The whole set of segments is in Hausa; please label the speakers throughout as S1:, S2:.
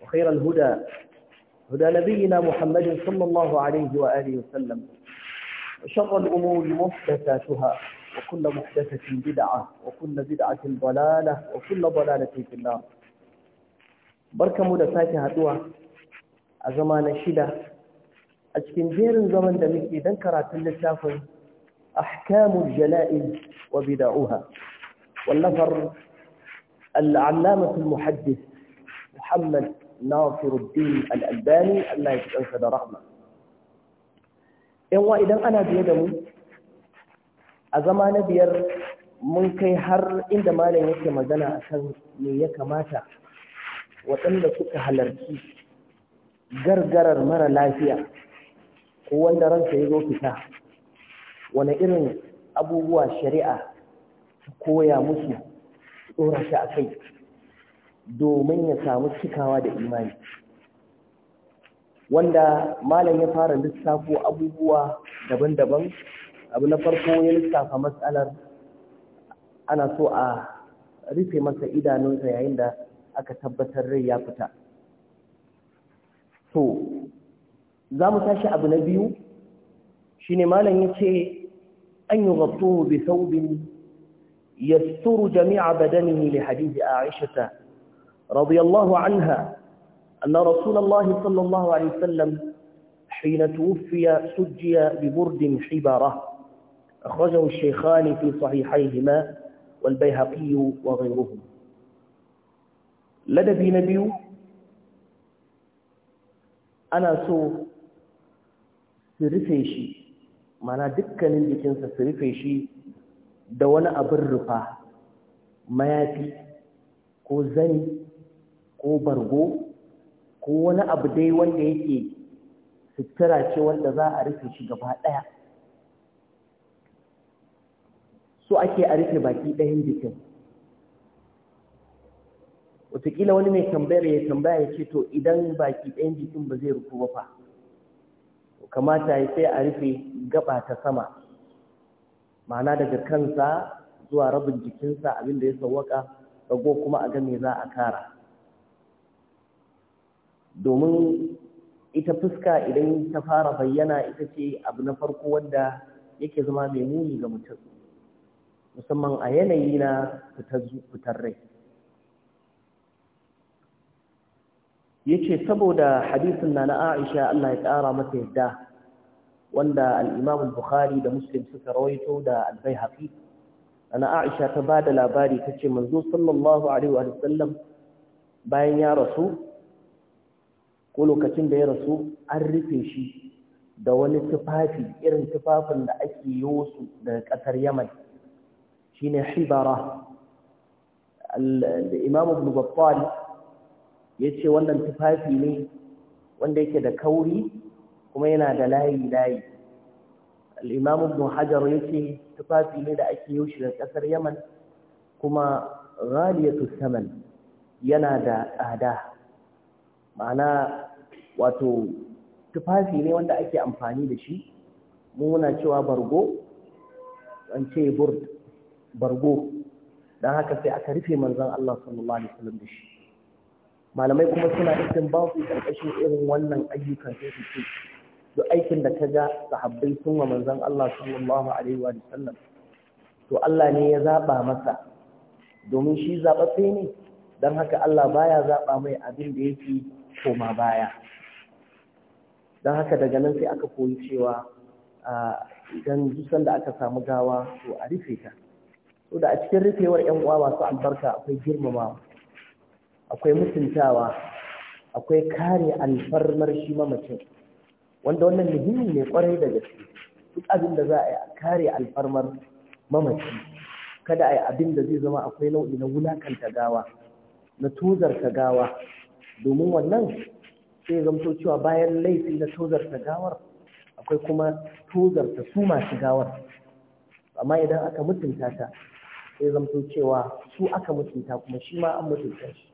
S1: وخير الهدى هدى نبينا محمد صلى الله عليه وآله وسلم وشر الأمور محدثاتها وكل محدثة بدعة وكل بدعة ضلالة وكل ضلالة في النار بركة مدفاتها هدوة أزمان الشدة أتكن جير زمن دمكي ذنكرة اللتاف أحكام الجنائز وبدعوها والنفر العلامة المحدث محمد Nasiruddin Al-Albani Allah ya ɗansa da rahma yanwa idan ana biye da mu a zama na biyar mun kai har inda malam yake magana akan me ya kamata waɗanda suka halarci gargarar mara lafiya ko wanda ransa ya zo fita wane irin abubuwa shari'a ta koya musu tsoron shi a kai domin ya samu cikawa da imani wanda malam ya fara lissafo abubuwa daban-daban abu na farko ya lissafa matsalar ana so a rufe masa idanunsa yayin da aka tabbatar rai ya fita to za mu tashi abu na biyu shine malam ya ce an yi gabtuhu bi saubin yasturu jami'a badanihi li hadisi aisha رضي الله عنها أن رسول الله صلى الله عليه وسلم حين توفي سجي ببرد حبارة أخرجه الشيخان في صحيحيهما والبيهقي وغيرهم لدى نبي أنا سو سرفيشي mana dukkanin jikinsa su rufe shi da wani abin rufa mayafi ko bargo ko wani abu dai wanda yake sutura ce wanda za a rufe shi gaba ɗaya so ake a rufe baki ɗayan jikin wataƙila wani mai tambayar ya tambaya ya ce to idan baki ɗayan jikin ba zai rufu ba kamata ya sai a rufe gaba ta sama ma'ana daga kansa zuwa rabin jikinsa abinda ya sauwaka rago kuma a ga me za a kara domin ita fuska idan ta fara bayyana ita ce abu na farko wanda yake zama mai muni ga mutum musamman a yanayi na fitar rai yace saboda hadisin na na Aisha Allah ya kara mata yadda wanda al bukhari da Muslim suka rawaito da albai haƙi ana Aisha ta ba da labari ta ce manzo sallallahu alaihi wa sallam bayan ya rasu ko lokacin da ya rasu an rufe shi da wani tufafi irin tufafin da ake yi wasu daga ƙasar yaman shine hibara Da imam ibn ya yace wannan tufafi ne wanda yake da kauri kuma yana da layi layi al-imam ibn hajar yace tufafi ne da ake yi shi daga ƙasar yaman kuma ghaliyatu saman yana da tsada ma'ana wato tufafi ne wanda ake amfani da shi mu muna cewa bargo an ce burd bargo don haka sai aka rufe manzon Allah sallallahu alaihi wasallam da shi malamai kuma suna isin ba su karkashin irin wannan ayyukan sai su ce duk aikin da kaga sahabbai sun wa manzon Allah sallallahu alaihi wa sallam to Allah ne ya zaba masa domin shi zaɓaɓɓe ne don haka Allah baya zaɓa mai abin da yake koma baya don haka daga nan sai aka koyi cewa idan dusan da aka samu gawa to a rufe ta so da a cikin rufewar yan uwa masu albarka akwai girmamawa akwai mutuntawa akwai kare alfarmar shi mamacin wanda wannan muhimmi ne kwarai da gaske duk abin da za a yi a kare alfarmar mamaci kada a yi abin da zai zama akwai nau'i na wulakanta gawa na tozarta gawa domin wannan sai zamto cewa bayan laifi na tozarta gawar akwai kuma tozarta su masu gawar amma idan aka mutunta ta sai zamto cewa su aka mutunta kuma shi ma an mutunta shi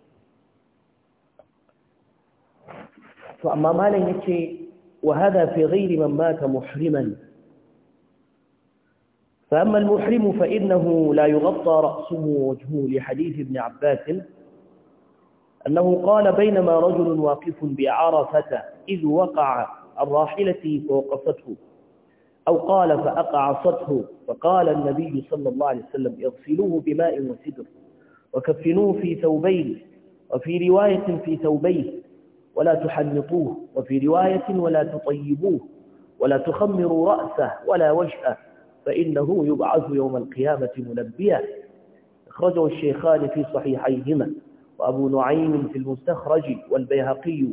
S1: to amma malam yake wa hada fi ghairi man mata muhriman فأما المحرم فإنه لا يغطى رأسه ووجهه لحديث ابن عباس أنه قال بينما رجل واقف بعرفة إذ وقع الراحلة فوقفته أو قال فأقعصته فقال النبي صلى الله عليه وسلم اغسلوه بماء وسدر وكفنوه في ثوبين وفي رواية في ثوبيه ولا تحنطوه وفي رواية ولا تطيبوه ولا تخمروا رأسه ولا وجهه فإنه يبعث يوم القيامة منبيا اخرجه الشيخان في صحيحيهما وأبو نعيم في المستخرج والبيهقي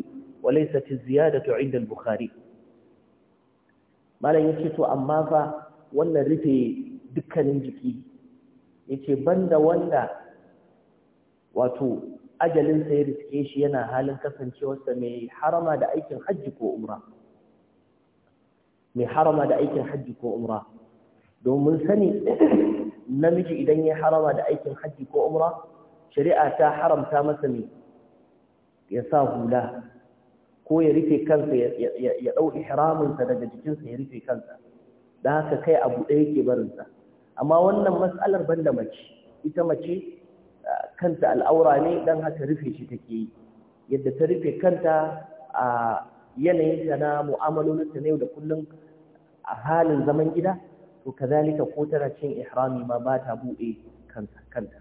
S1: وليست الزيادة عند البخاري ما لا يكتو أما فا ولا رفي دكا ننجكي يكي بند ولا واتو ajalin sa ya riske shi yana halin kasancewarsa mai harama da aikin harama da aikin hajji ko umra domin sani namiji idan ya harama da aikin hajji ko umra shari'a ta haramta masa ne ya sa hula ko ya rufe kansa ya ɗau ihraminsa daga jikinsa ya rufe kansa da haka kai abu ɗaya ke barinsa amma wannan matsalar banda mace ita mace kanta al'aura ne don haka rufe shi take yi yadda ta rufe kanta a yanayinta na mu'amalolinta na yau da kullum a halin zaman gida to kazalika ko tana cin ihrami ma ba ta buɗe kanta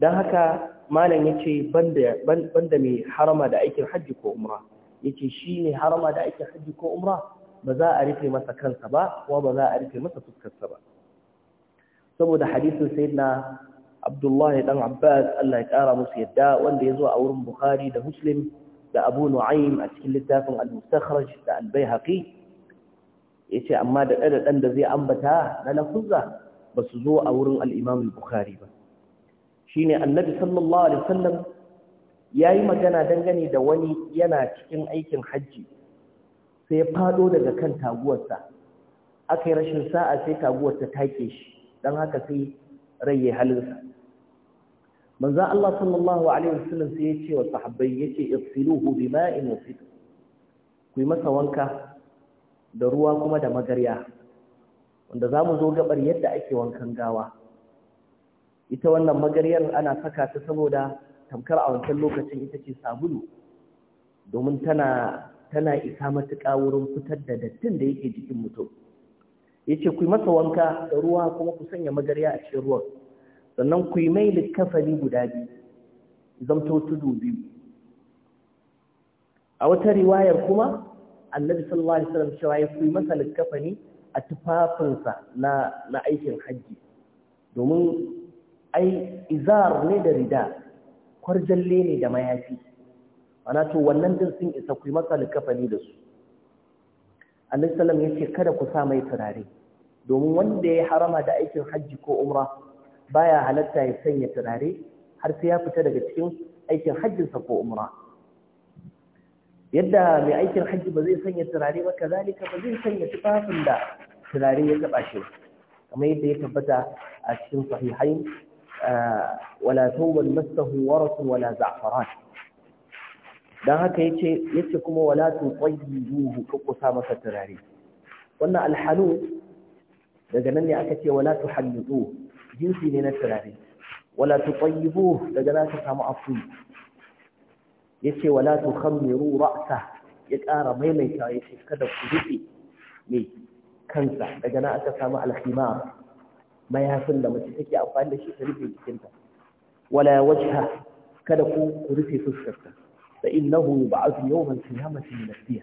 S1: don haka malam ya ce banda mai harama da aikin hajji ko umra ya ce shi ne harama da aikin hajji ko umra ba za a rufe masa kansa ba kuma ba za a rufe masa fuskarsa ba saboda hadisin na abdullahi dan abbas allah ya kara musu yadda wanda ya zo a wurin buhari da muslim da abu nu'aym a cikin littafin al-mustakhraj da al ya yace amma da ɗan da zai ambata na lafuzza ba su zo a wurin al-imam al-bukhari ba shine annabi sallallahu alaihi wasallam yayi magana dangane da wani yana cikin aikin haji sai ya fado daga kan taguwarsa akai rashin sa'a sai ta take shi dan haka sai raye halinsa manzo Allah sallallahu alaihi wasallam sai ya ce wa sahabbai yace ifsiluhu bima'in wasit ku yi masa wanka da ruwa kuma da magarya wanda zamu zo gabar yadda ake wankan gawa ita wannan magaryar ana saka ta saboda tamkar a wancan lokacin ita ce sabulu domin tana tana isa matuƙa wurin fitar da dattin da yake jikin mutum yace ku yi masa wanka da ruwa kuma ku sanya magarya a cikin ruwan sannan ku yi mai likafani guda biyu zamto tudu biyu a wata riwayar kuma annabi sallallahu alaihi wasallam cewa ya kuyi masa likafani a tufafinsa na na aikin hajji domin ai izar ne da rida kwarjalle ne da mayafi ana to wannan din sun isa ku yi masa likafani da su annabi sallam yace kada ku sa mai turare domin wanda ya harama da aikin hajji ko umra baya halatta ya sanya turare har sai ya fita daga cikin aikin hajjinsa ko umra yadda mai aikin hajji ba zai sanya turare ba kazalika ba zai sanya tufafin da turare ya taba shi kamar yadda ya tabbata a cikin sahihain wala thawban masahu warasu wala za'faran dan haka yace yace kuma wala tuqayyibuhu ku sa masa turare wannan alhalu daga nan ne aka ce wala tuhallidu jinsi ne na turare wala tuqayyibuhu daga nan aka samu afu yace wala tukhammiru ra'sa ya ƙara maimaita yace kada ku rufe mai kansa daga nan aka samu alhimar. mayafin da mace take amfani da shi ta rufe jikinta wala wajha kada ku rufe fuskarta fa innahu ba'athu yawman qiyamati nasiya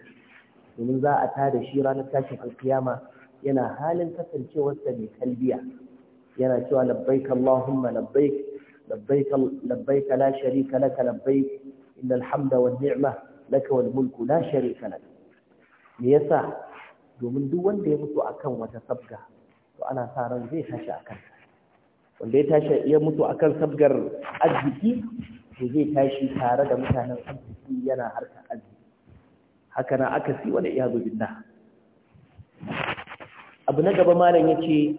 S1: domin za a tada shi ranar tashin alkiyama yana halin kasancewarsa mai kalbiya yana cewa labbaik allahumma labbaik labbaik labbaik la sharika laka labbaik innal hamda wan ni'ma laka wal mulku la sharika lak me yasa domin duk wanda ya mutu akan wata sabga to ana sa ran zai tashi a kansa wanda ya tashi ya mutu akan sabgar arziki to zai tashi tare da mutanen arziki yana harkar arziki haka na aka si wani iya billah abu na gaba malam yace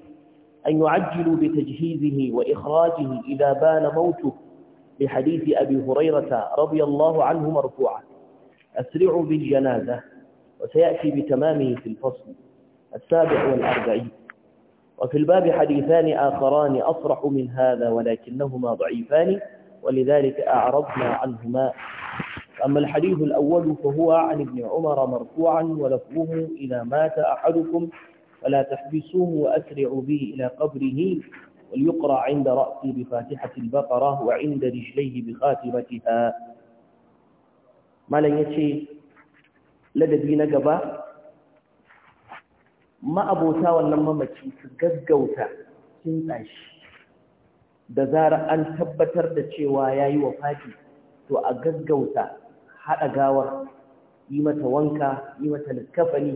S1: an yu'ajjilu bi tajhizihi wa ikhrajihi idha bana mautuhu li hadisi abi hurairata radiyallahu anhu marfu'a asri'u bil janaza wa sayati bi tamamihi fil fasl السابع والأربعين وفي الباب حديثان آخران أصرح من هذا ولكنهما ضعيفان ولذلك أعرضنا عنهما أما الحديث الأول فهو عن ابن عمر مرفوعا ولفظه إذا مات أحدكم فلا تحبسوه وأسرعوا به إلى قبره وليقرأ عند رأسي بفاتحة البقرة وعند رجليه بخاتمتها ما لن يتشي لدى دين قبا ma'abota wannan mamaci su gaggauta kintsa tsashi da zarar an tabbatar da cewa ya yi fadi to a gaggauta haɗa gawar yi mata wanka yi mata likafani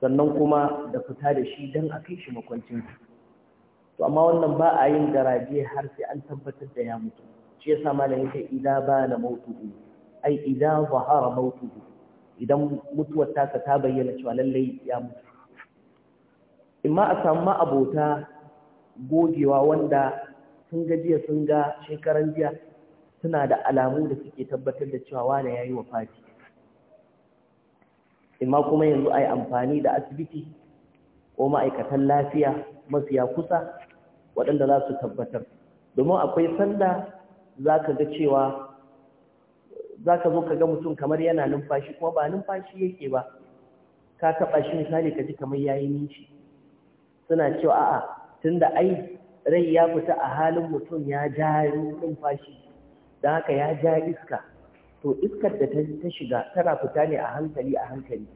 S1: sannan kuma da fita da shi don a kai shi makwancinsa to amma wannan ba a yin garaje har sai an tabbatar da ya mutu shi yasa da yake idan ba na ne ai idan zahara ne idan mutuwar taka ta bayyana cewa lallai ya mutu imma a samu abota gogewa wanda sun ga jiya sun ga shekaran jiya suna da alamu da suke tabbatar da cewa wane ya yi wa fati imma kuma yanzu a yi amfani da asibiti ko ma'aikatan lafiya ya kusa waɗanda za su tabbatar domin akwai sanda za ka ga cewa za ka zo ka ga mutum kamar yana numfashi kuma ba numfashi yake ba ka taɓa shi misali ka ji kamar yayi nishi suna cewa a'a tunda ai rai ya fita a halin mutum ya ja numfashi don haka ya ja iska to iskar da ta shiga tana fita ne a hankali a hankali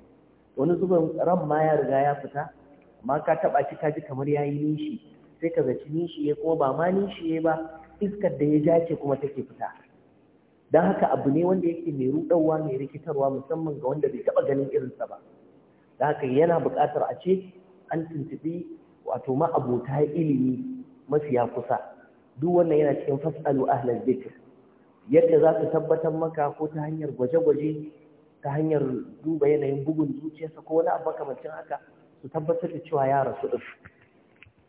S1: wani zubin ran ma ya riga ya fita amma ka taba shi ka ji kamar ya yi nishi sai ka zaci nishi ya kuma ba ma nishi ya ba iskar da ya ja ce kuma take fita don haka abu ne wanda yake mai rudarwa mai rikitarwa musamman ga wanda bai taba ganin irinsa ba don haka yana buƙatar a ce an tuntuɓi wato ma'abota ilimi mafiya kusa duk wannan yana cikin fasalu ahlal zikr yadda za ka tabbatar maka ko ta hanyar gwaje-gwaje ta hanyar duba yanayin bugun zuciyarsa ko wani abu makamancin haka su tabbatar da cewa ya rasu din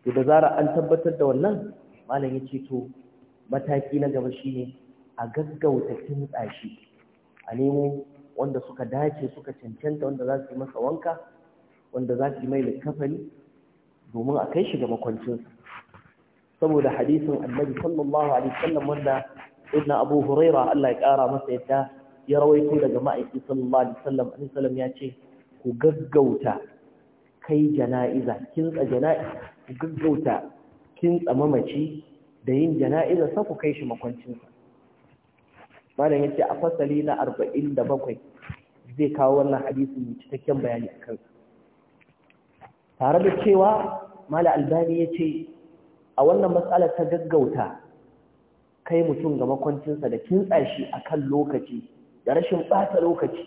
S1: to da zara an tabbatar da wannan malam ya ce to mataki na gaba shine a gaggauta kin tsashi a nemo wanda suka dace suka cancanta wanda za su yi masa wanka wanda za su yi mai likafani domin a kai shi ga makwancinsa saboda hadisin annabi sallallahu alaihi wasallam wanda ibn abu huraira Allah ya kara masa yadda ya rawaito daga ma'aiki sallallahu alaihi wasallam annabi sallam ya ce ku gaggauta kai jana'iza tsa jana'iza ku gaggauta kintsa mamaci da yin jana'iza sa ku kai shi makwancinsa malam yace a fasali na 47 zai kawo wannan hadisi cikakken bayani akan sa tare da cewa mala albani ya ce a wannan matsalar ta gaggauta kai mutum ga makwancinsa da kintsa shi a kan lokaci da rashin ɓata lokaci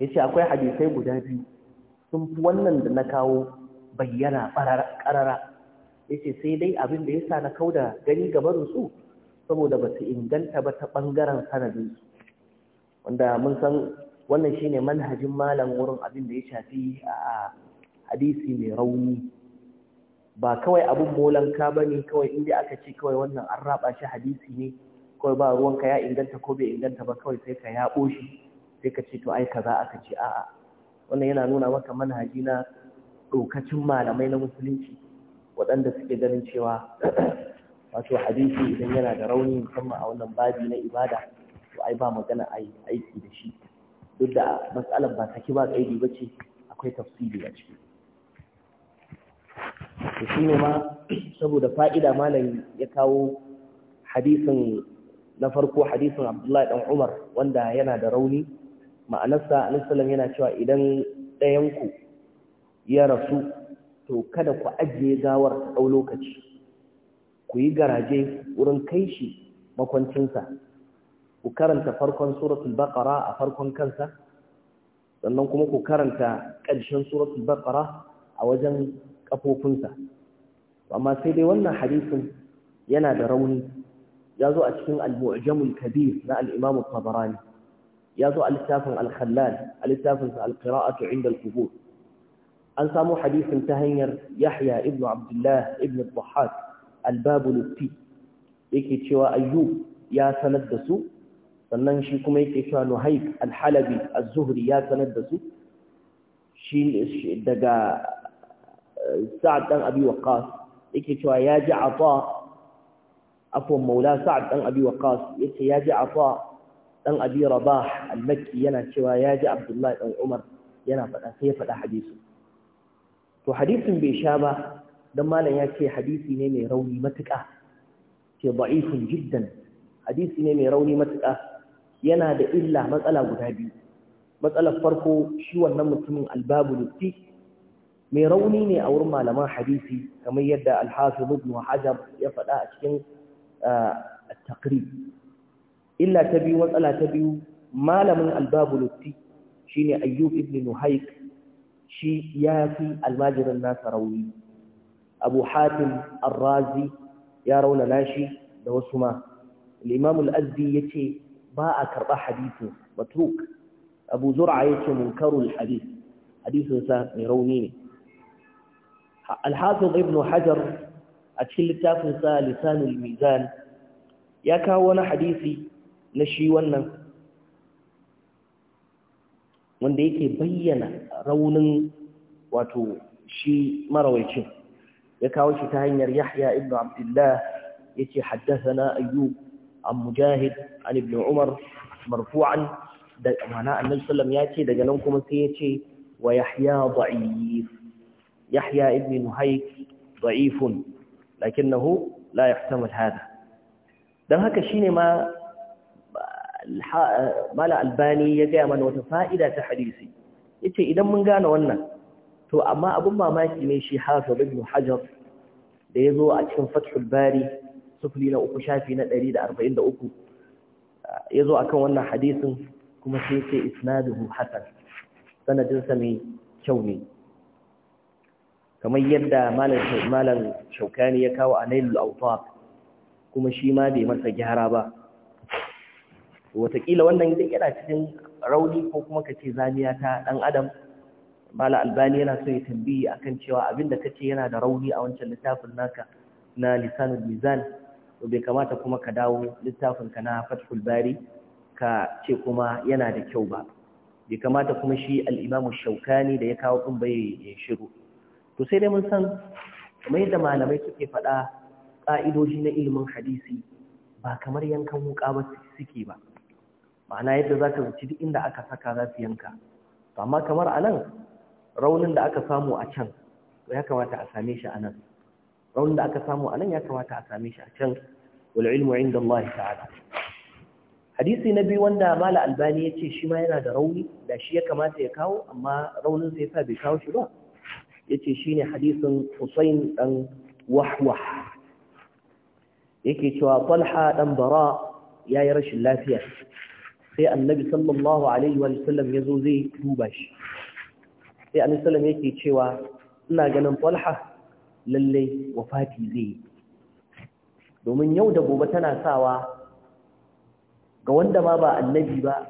S1: ya ce akwai hadisai guda biyu sun fi wannan da na kawo bayyana ƙarara ya ce sai dai abin da ya sa na kau da gani gabarinsu saboda ba su inganta ba ta ɓangaren sanadinsu wanda mun san wannan shine manhajin malam wurin abin da ya shafi a hadisi mai rauni ba kawai abin molanka ba ne kawai inda aka ce kawai wannan an raba shi hadisi ne kawai ba ruwanka ya inganta ko bai inganta ba kawai sai ka yaɓo shi sai ka ce to ai kaza aka ce a'a wannan yana nuna maka manhaji na ɗaukacin malamai na musulunci waɗanda suke ganin cewa wato hadisi idan yana da rauni musamman a wannan babi na ibada to ai ba magana aiki da shi duk da matsalar ba saki ba kaidi ba ce akwai tafsiri a ciki to shi ne ma saboda fa'ida malami ya kawo hadisin na farko hadisin abdullahi dan umar wanda yana da rauni ma'anarsa alisalam yana cewa idan ɗayanku ya rasu to kada ku ajiye gawar ta ɗau lokaci ku yi garaje wurin kai shi makwancinsa ku karanta farkon suratul baqara a farkon kansa sannan kuma ku karanta ƙarshen suratul baqara a wajen kafofinsa amma sai dai wannan hadisin yana da rauni ya zo a cikin al-mu'jamul kabir na al-imam tabarani ya zo a littafin al-khallal a littafin sa al-qira'atu inda al-qubur an samu hadisin ta hanyar yahya ibnu abdullah ibnu al-dhahhak al yake cewa ayyub ya sanar da su sannan shi kuma yake cewa Al-Halabi az-zuhri ya sanar da su shi daga eh, sa'ad dan abi waqas yake cewa ya ji afa afwan maula sa'ad dan abi waqas yake ya ji afa dan abi rabah al-makki yana cewa ya ji abdullahi dan umar yana faɗa sai ya faɗa hadisi to hadisin bai sha ba dan malam ya ce hadisi ne mai rauni matuƙa ce da'ifun jiddan hadisi ne mai rauni matuƙa yana da illa matsala guda biyu matsalar farko shi wannan mutumin albabu lutti mai rauni ne a wurin malaman hadisi kamar yadda alhafiz ibn hajar ya faɗa a cikin ah, at-taqrib illa ta biyu matsala ta biyu malamin albabu lutti shine ayyub ibn nuhaik shi ya fi almajirin nasa rauni abu hatim ar-razi ya raunana shi da wasu ma al-imam al-azdi yace ba a karɓa hadisin matruk abu zura ya ce munkarul hadis hadisinsa mai rauni ne alhazin ibn hajar a cikin littafinsa lisanul mizan ya kawo wani hadisi na shi wannan wanda yake bayyana raunin wato shi marawaicin ya kawo shi ta hanyar yahya ibn abdullah haddasa na ayyub عن Mujahid عن ابن عمر مرفوعا معناه النبي صلى الله عليه وسلم daga nan kuma sai yace wa yahya da'if yahya ibn nuhayk da'if lakinnahu la yahtamal hada dan haka shine ma mala albani ya ga mana wata fa'ida ta hadisi yace idan mun gane wannan to amma abin mamaki ne shi hafiz ibn hajar da ya zo a cikin fathul bari sufuli na uku shafi na ɗari da arba'in da uku ya zo akan wannan hadisin kuma sai ce isnaduhu hasan sanadinsa mai kyau ne kamar yadda malam shaukani ya kawo a nailul autab kuma shi ma bai masa gyara ba watakila wannan idan yana cikin rauni ko kuma kace zaniya ta dan adam mala albani yana so ya tambayi akan cewa abinda ce yana da rauni a wancan littafin naka na lisanul mizan to bai kamata kuma ka dawo littafin ka na Fathul Bari ka ce kuma yana da kyau ba bai kamata kuma shi al-Imam Shawkani da ya kawo din bai ya shiru to sai dai mun san mai da malamai suke faɗa ƙa'idoji na ilimin hadisi ba kamar yankan wuƙa ba suke ba ma'ana yadda za ka zuci duk inda aka saka za su yanka amma kamar a nan raunin da aka samu a can ya kamata a same shi a nan Raunin da aka samu a nan ya kamata a same shi a can wal ilmu inda Allah ta'ala hadisi na biyu wanda mala albani ya ce shi ma yana da rauni da shi ya kamata ya kawo amma raunin sai sa bai kawo shi ba ya ce shi ne hadisin husain ɗan wahwah yake cewa falha ɗan bara ya yi rashin lafiya sai annabi sallallahu alaihi wa ya zo zai duba shi sai annabi sallam yake cewa ina ganin falha lallai wafati zai yi domin yau da gobe tana sawa ga wanda ma ba annabi ba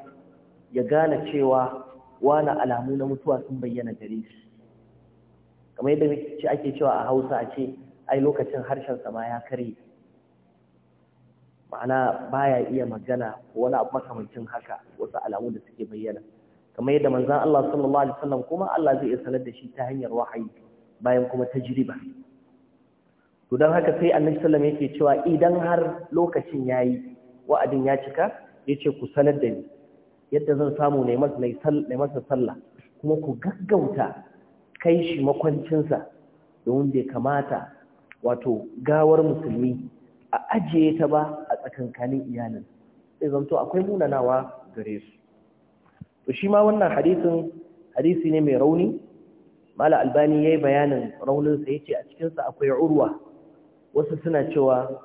S1: ya gane cewa wani alamu na mutuwa sun bayyana gare shi kamar yadda ake cewa a hausa a ce ai lokacin harshen ma ya kare ma'ana baya iya magana ko wani abu makamancin haka wasu alamu da suke bayyana kamar yadda manzan Allah sallallahu alaihi wasallam kuma Allah zai iya sanar da shi ta hanyar wahayi bayan kuma tajriba to don haka sai annabi sallam yake cewa idan har lokacin yayi wa'adin ya cika ya ce ku sanar da ni yadda zan samu ne masa sallah kuma ku gaggauta kai shi makwancinsa domin bai kamata wato gawar musulmi a ajiye ta ba a tsakankanin iyalin sai zanto akwai munanawa gare su to shi ma wannan hadisin hadisi ne mai rauni mala albani yayi bayanin raunin sa yace a cikin sa akwai urwa wasu suna cewa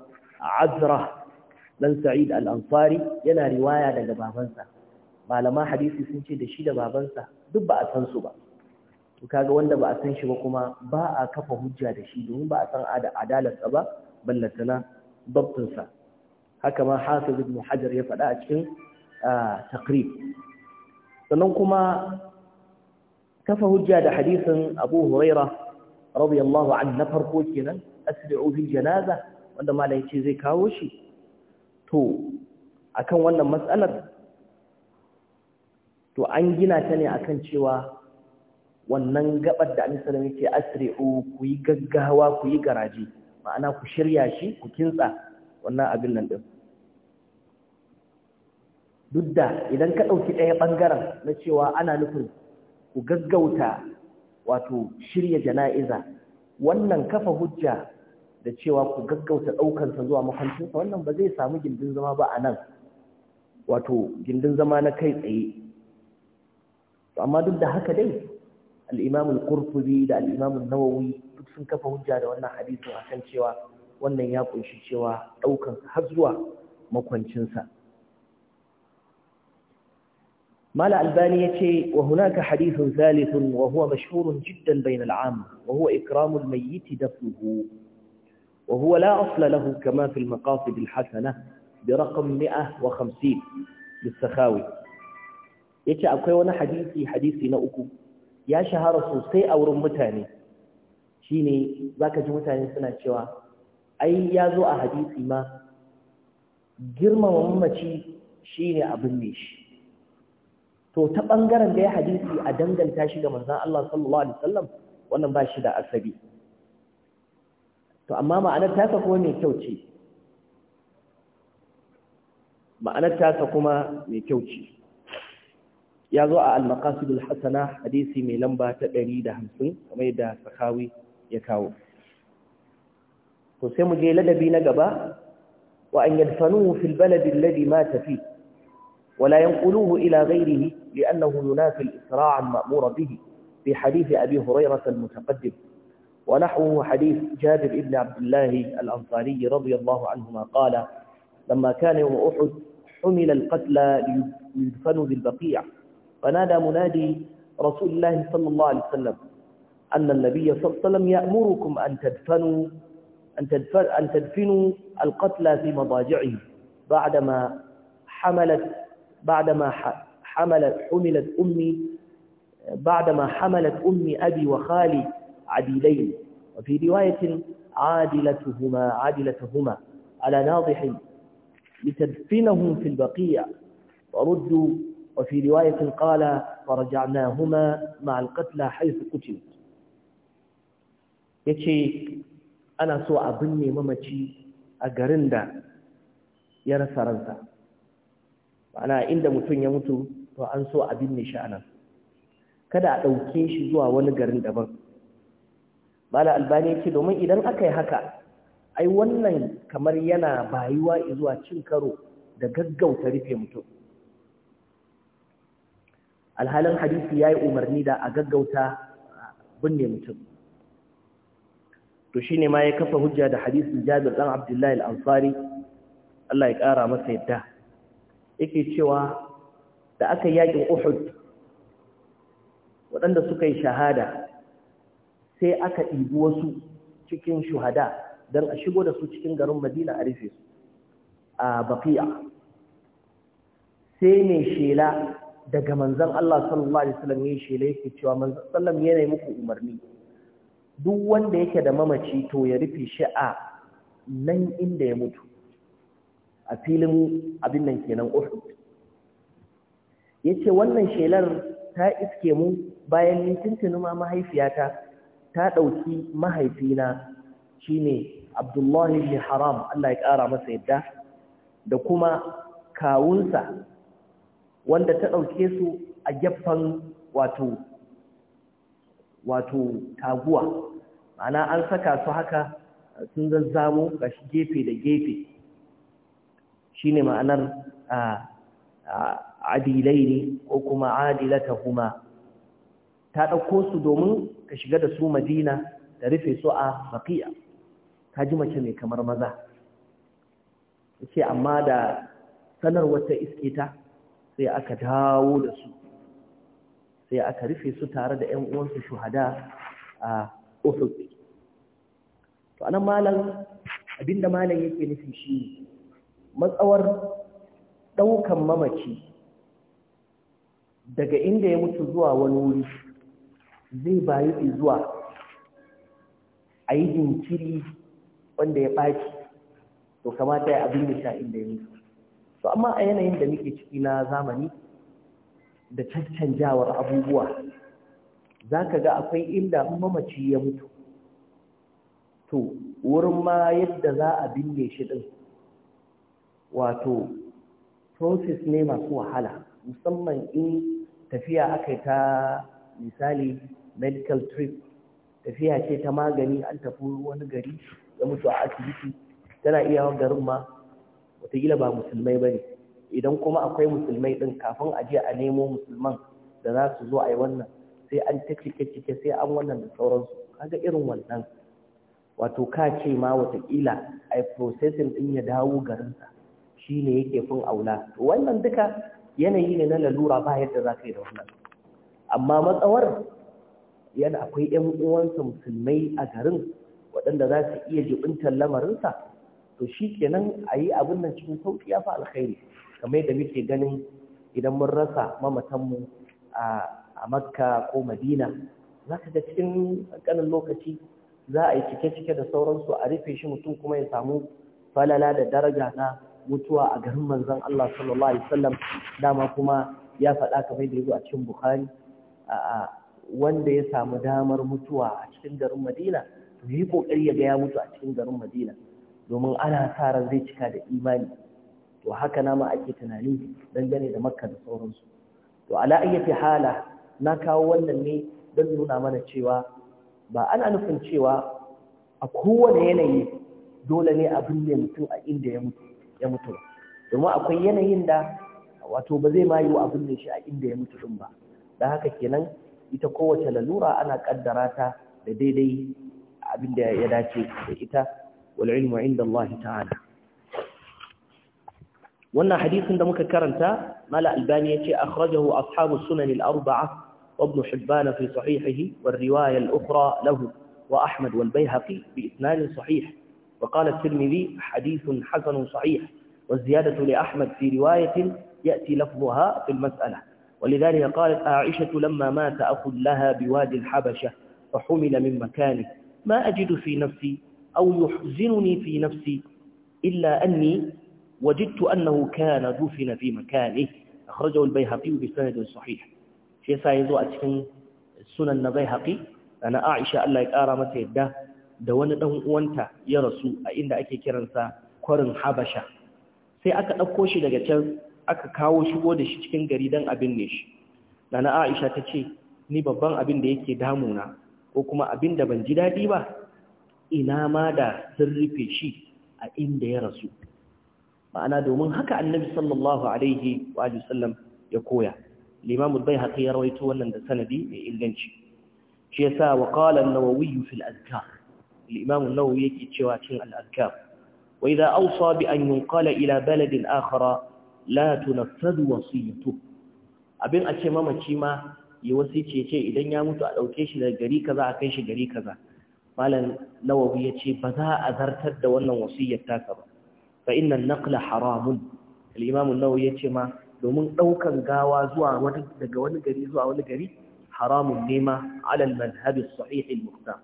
S1: azra dan sa'id al-ansari yana riwaya daga babansa malama hadisi sun ce da shi da babansa duk ba a san su ba to kaga wanda ba a san shi ba kuma ba a kafa hujja da shi domin ba a san adalarsa ba ballatana babtinsa haka ma hafiz ibn hajar ya faɗa a cikin taqrib sannan kuma kafa hujja da hadisin abu huraira radiyallahu an na farko kenan asri'u bil janaza wanda malai ce zai kawo shi to akan wannan matsalar to an gina ta ne akan cewa wannan gabar da annabi sallallahu alaihi wasallam asri'u ku yi gaggawa ku yi garaji ma'ana ku shirya shi ku kintsa wannan abin nan din duk da idan ka dauki ɗaya bangaren na cewa ana nufin ku gaggauta wato shirya jana'iza wannan kafa hujja da cewa ku gaggauta ɗaukansa zuwa makwancinsa wannan ba zai samu gindin zama ba a nan wato gindin zama na kai tsaye amma duk da haka dai al'imamun kurkuri da al'imamun nawawi duk sun kafa hujja da wannan a kan cewa wannan ya ƙunshi cewa ɗaukansa har zuwa makwancinsa مال ألبانية وهناك حديث ثالث وهو مشهور جدا بين العام وهو إكرام الميت دفنه وهو لا أصل له كما في المقاصد الحسنة برقم 150 للسخاوي يتي أبقي وانا حديثي حديثي نأكو يا شهر سوسي أو رمتاني شيني ذاك جمتاني سنة شوا أي يازو أحديثي ما جرم ومتي شيني أبنيش to ta bangaren da ya hadisi a danganta shi ga manzon Allah sallallahu alaihi wasallam wannan ba shi da asabi to amma ma'anar tasa kuma mai kyau ce ma'anar tasa kuma mai kyau ce ya zo a al-maqasidul hasana hadisi mai lamba ta 150 kamar yadda sakawi ya kawo to sai mu je ladabi na gaba wa an yadfanuhu fil baladi alladhi mata fihi ولا ينقلوه إلى غيره لأنه ينافي الإسراع المأمور به في حديث أبي هريرة المتقدم ونحوه حديث جابر بن عبد الله الأنصاري رضي الله عنهما قال لما كان يوم أحد حمل القتلى ليدفنوا بالبقيع فنادى منادي رسول الله صلى الله عليه وسلم أن النبي صلى الله عليه وسلم يأمركم أن تدفنوا أن, أن تدفنوا القتلى في مضاجعه بعدما حملت بعدما حملت حملت أمي بعدما حملت أمي أبي وخالي عديلين وفي رواية عادلتهما عادلتهما على ناضح لتدفنهم في البقيع وردوا وفي رواية قال فرجعناهما مع القتلى حيث قتلت يتشي أنا سوء أبني ممتشي أقرندا يا رنسى ma'ana inda mutum ya mutu to an so a binne shi anan kada a ɗauke shi zuwa wani garin daban Bala albani ya ce domin idan aka yi haka ai wannan kamar yana bayuwa zuwa cin karo da gaggauta rufe mutum alhalin hadisi ya yi umarni da a gaggauta binne mutum to shi ne ma ya kafa hujja da hadisin jabir ɗan abdullahi al'amfari Allah ya ƙara masa yadda yake cewa da aka yaƙin Uhud waɗanda suka yi shahada sai aka ɗibi wasu cikin shuhada don a shigo da su cikin garin Madina a rufe su a Baqiya sai mai shela daga manzon Allah sallallahu Alaihi wasallam ya shela yake cewa manzan sallam yana yi muku umarni duk wanda yake da mamaci to ya rufe shi nan inda ya mutu a filin abin nan kenan Ya yace wannan shelar ta iske mu bayan ni ma mahaifiyata ta ɗauki mahaifina shine Abdullahi ibn Haram Allah ya ƙara masa yadda da kuma kawunsa wanda ta ɗauke su a gaffan wato wato taguwa ma'ana an saka su haka sun zazzamo gashi gefe da gefe Shi ne ma'anar adilai ne ko kuma Adilata kuma ta ɗauko su domin ka shiga da su madina da rufe su a maƙiya Ta ji mace mai kamar maza ce amma da sanar wata iske ta sai aka dawo da su sai aka rufe su tare da 'yan uwansu shuhada a ofis to anan malam abinda malam yake nufi shi matsawar ɗaukan mamaci daga inda ya mutu zuwa wani wuri zai bayu zuwa a yi jinkiri wanda ya ɓaci to kamata ya abin da sha inda ya mutu to amma a yanayin da muke ciki na zamani da cancanjawar abubuwa za ka ga akwai inda mamaci ya mutu to wurin ma yadda za a binne shi ɗin wato process ne masu wahala musamman in tafiya aka yi ta misali medical trip tafiya ce ta magani an tafi wani gari ya mutu a asibiti tana iya garin ma wataƙila ba musulmai ba ne idan kuma akwai musulmai ɗin kafin a je a nemo musulman da za su zo a yi wannan sai an ta cike-cike sai an wannan da sauransu kaga irin wannan wato ka ce ma wataƙila a processing ɗin ya dawo garinsa shi ne yake fin aula wannan duka yanayi ne na lalura ba yadda za ka yi da wannan amma matsawar yana akwai 'yan uwansa musulmai a garin waɗanda za su iya jibintar lamarinsa to shi kenan a yi abin nan cikin sauƙi ya fi alkhairi kamar yadda muke ganin idan mun rasa mamatanmu a makka ko madina za ka ga cikin ƙanin lokaci za a yi cike-cike da sauransu a rufe shi mutum kuma ya samu falala da daraja na mutuwa a garin manzon Allah sallallahu alaihi wasallam dama kuma ya faɗa kamar da yazo a cikin Bukhari wanda ya samu damar mutuwa a cikin garin Madina to yi kokari ya ga ya mutu a cikin garin Madina domin ana sa ran zai cika da imani to haka na ma ake tunani dangane da Makka da sauransu to ala ayyati hala na kawo wannan ne don nuna mana cewa ba ana nufin cewa a kowane yanayi dole ne a binne mutum a inda ya mutu ya mutu ba domin akwai yanayin da wato ba zai mayu abin wa shi a inda ya mutu din ba da haka kenan ita kowace lalura ana kaddara ta da daidai abin da ya dace da ita wal ilmu inda Allah ta'ala wannan hadisin da muka karanta mala albani yace akhrajahu ashabu sunan al-arba'a وابن حبان في صحيحه والرواية الأخرى له وأحمد والبيهقي بإثنان صحيح وقال الترمذي حديث حسن صحيح والزيادة لأحمد في رواية يأتي لفظها في المسألة ولذلك قالت عائشة لما مات أخ لها بوادي الحبشة فحمل من مكانه ما أجد في نفسي أو يحزنني في نفسي إلا أني وجدت أنه كان دفن في مكانه أخرجه البيهقي بسند صحيح شيء سايزو أتكن السنن بيهقي أنا عائشة ألا يقارى متى يده da wani ɗan uwanta ya rasu a inda ake kiransa kwarin habasha sai aka ɗauko shi daga can aka kawo shigo da shi cikin gari don abin ne shi nana aisha ta ce ni babban abin da yake damuna ko kuma abin da ban ji daɗi ba ina ma da sun rufe shi a inda ya rasu ma'ana domin haka annabi sallallahu alaihi wa sallam ya koya limamul bai haka ya rawaito wannan da sanadi mai inganci shi yasa wa qala an-nawawi fil azkar الإمام النووي يكتشواتين الأذكار وإذا أوصى بأن ينقل إلى بلد آخر لا تنفذ وصيته abin a ce mamaci ma ya wasice ce idan ya mutu a ɗauke shi da gari kaza a kai shi gari kaza malam nawawi ya ce ba za a zartar da wannan wasiyyar taka ba fa inna naqla haramun al-imam an ya ce ma domin ɗaukan gawa zuwa wani daga wani gari zuwa wani gari haramun ne ma ala al-madhhab as-sahih al-muqtam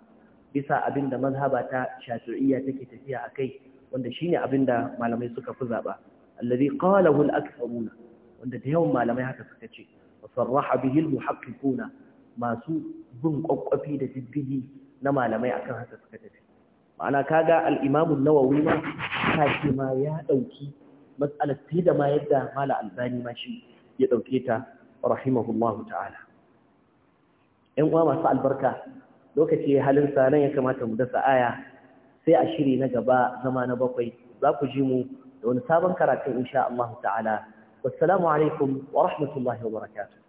S1: bisa abin da mazhaba ta shafi'iyya take tafiya a kai wanda shine abin da malamai suka fi zaɓa alladhi qalahu al-aktharuna wanda da yawan malamai haka suka ce wa sarraha bihi al-muhaqqiquna masu bin kwakwafi da diddigi na malamai akan haka suka tafi ma'ana kaga al-imam an-nawawi ma ta ce ma ya dauki mas'alar da ma yadda mala albani ma shi ya dauke ta rahimahullahu ta'ala ƴan uwa masu albarka lokaci halin sa nan ya kamata mu dasa aya sai a shiri na gaba zama na bakwai za ku ji mu da wani sabon karatun insha Allah ta'ala wassalamu alaikum wa rahmatullahi wa barakatuh